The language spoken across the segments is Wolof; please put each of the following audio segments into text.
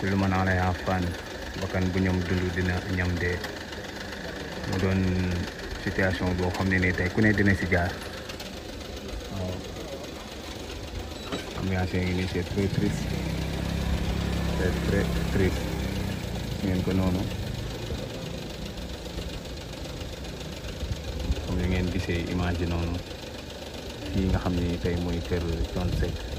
kullu man alayha fan bakkan bu ñoom dund dina ñam dee mu doon situation boo xam ne nii tey ku ne dina si jaar waaw ambiance yi nii c'est très triste c'est ngeen ko noonu kom li ngeen gisee image yi noonu fii nga xam ne nii tey mooy kër Thione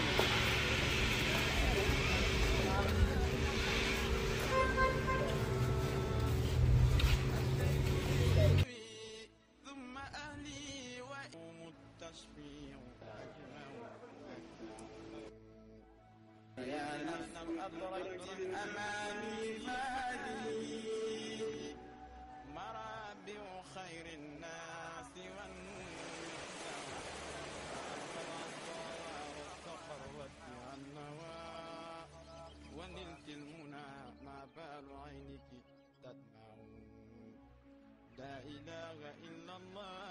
وتصفيع أجمع يا نفس أدركت أمامي فادي مرابع خير الناس والنساء النوى ونلت المنى ما بال عينك تدمع لا إله إلا الله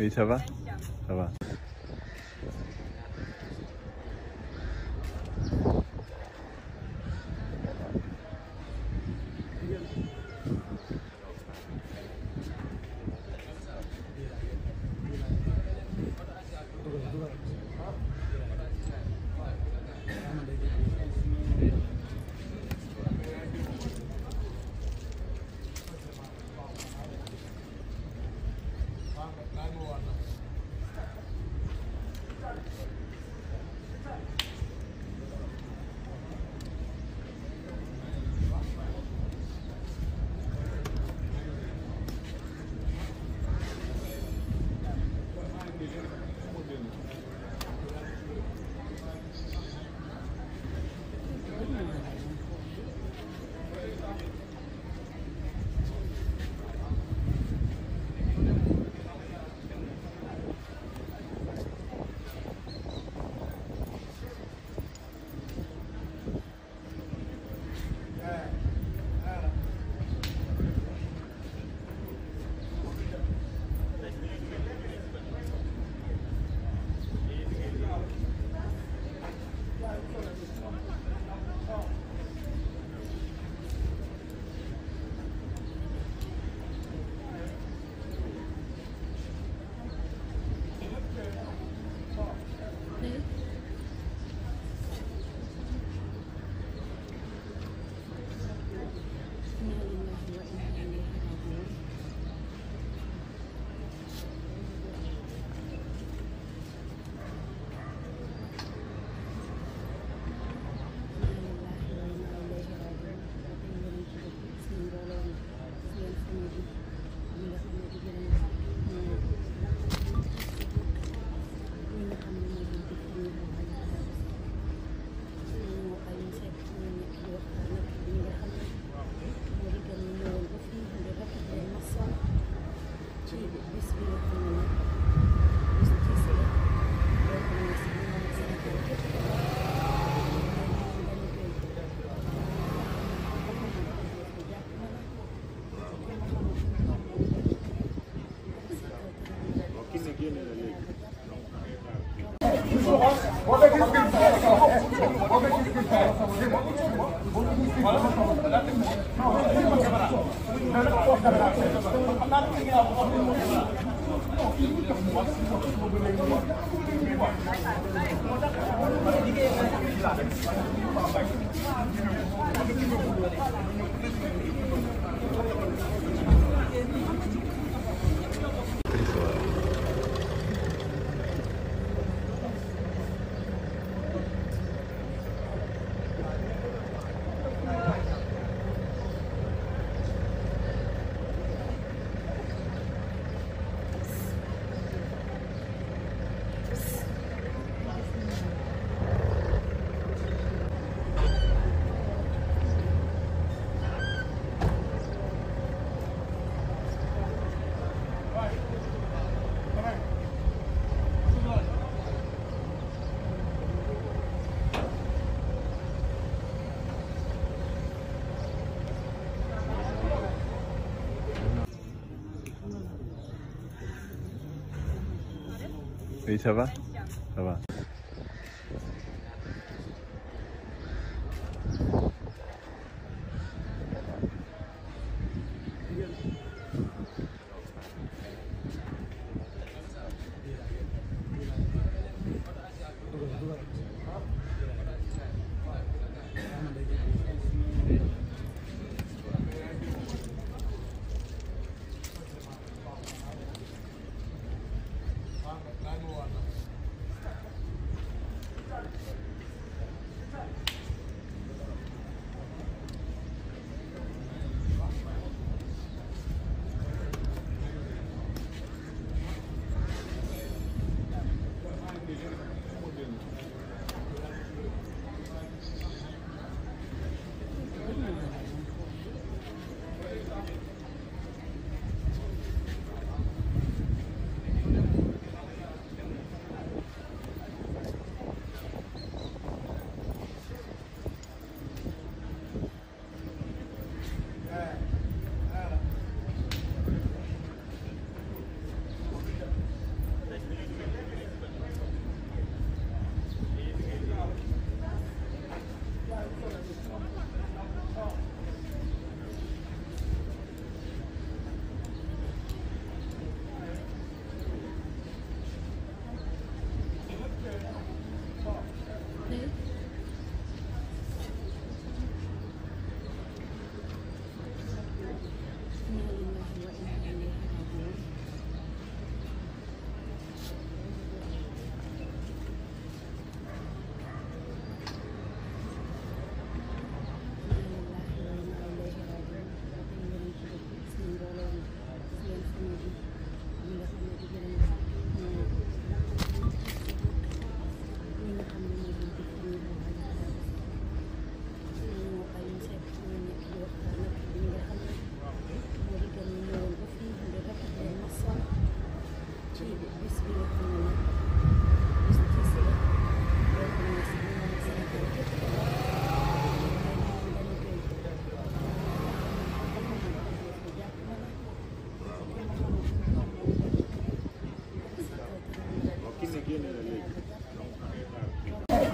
Oui, Oui, ça va Ça va.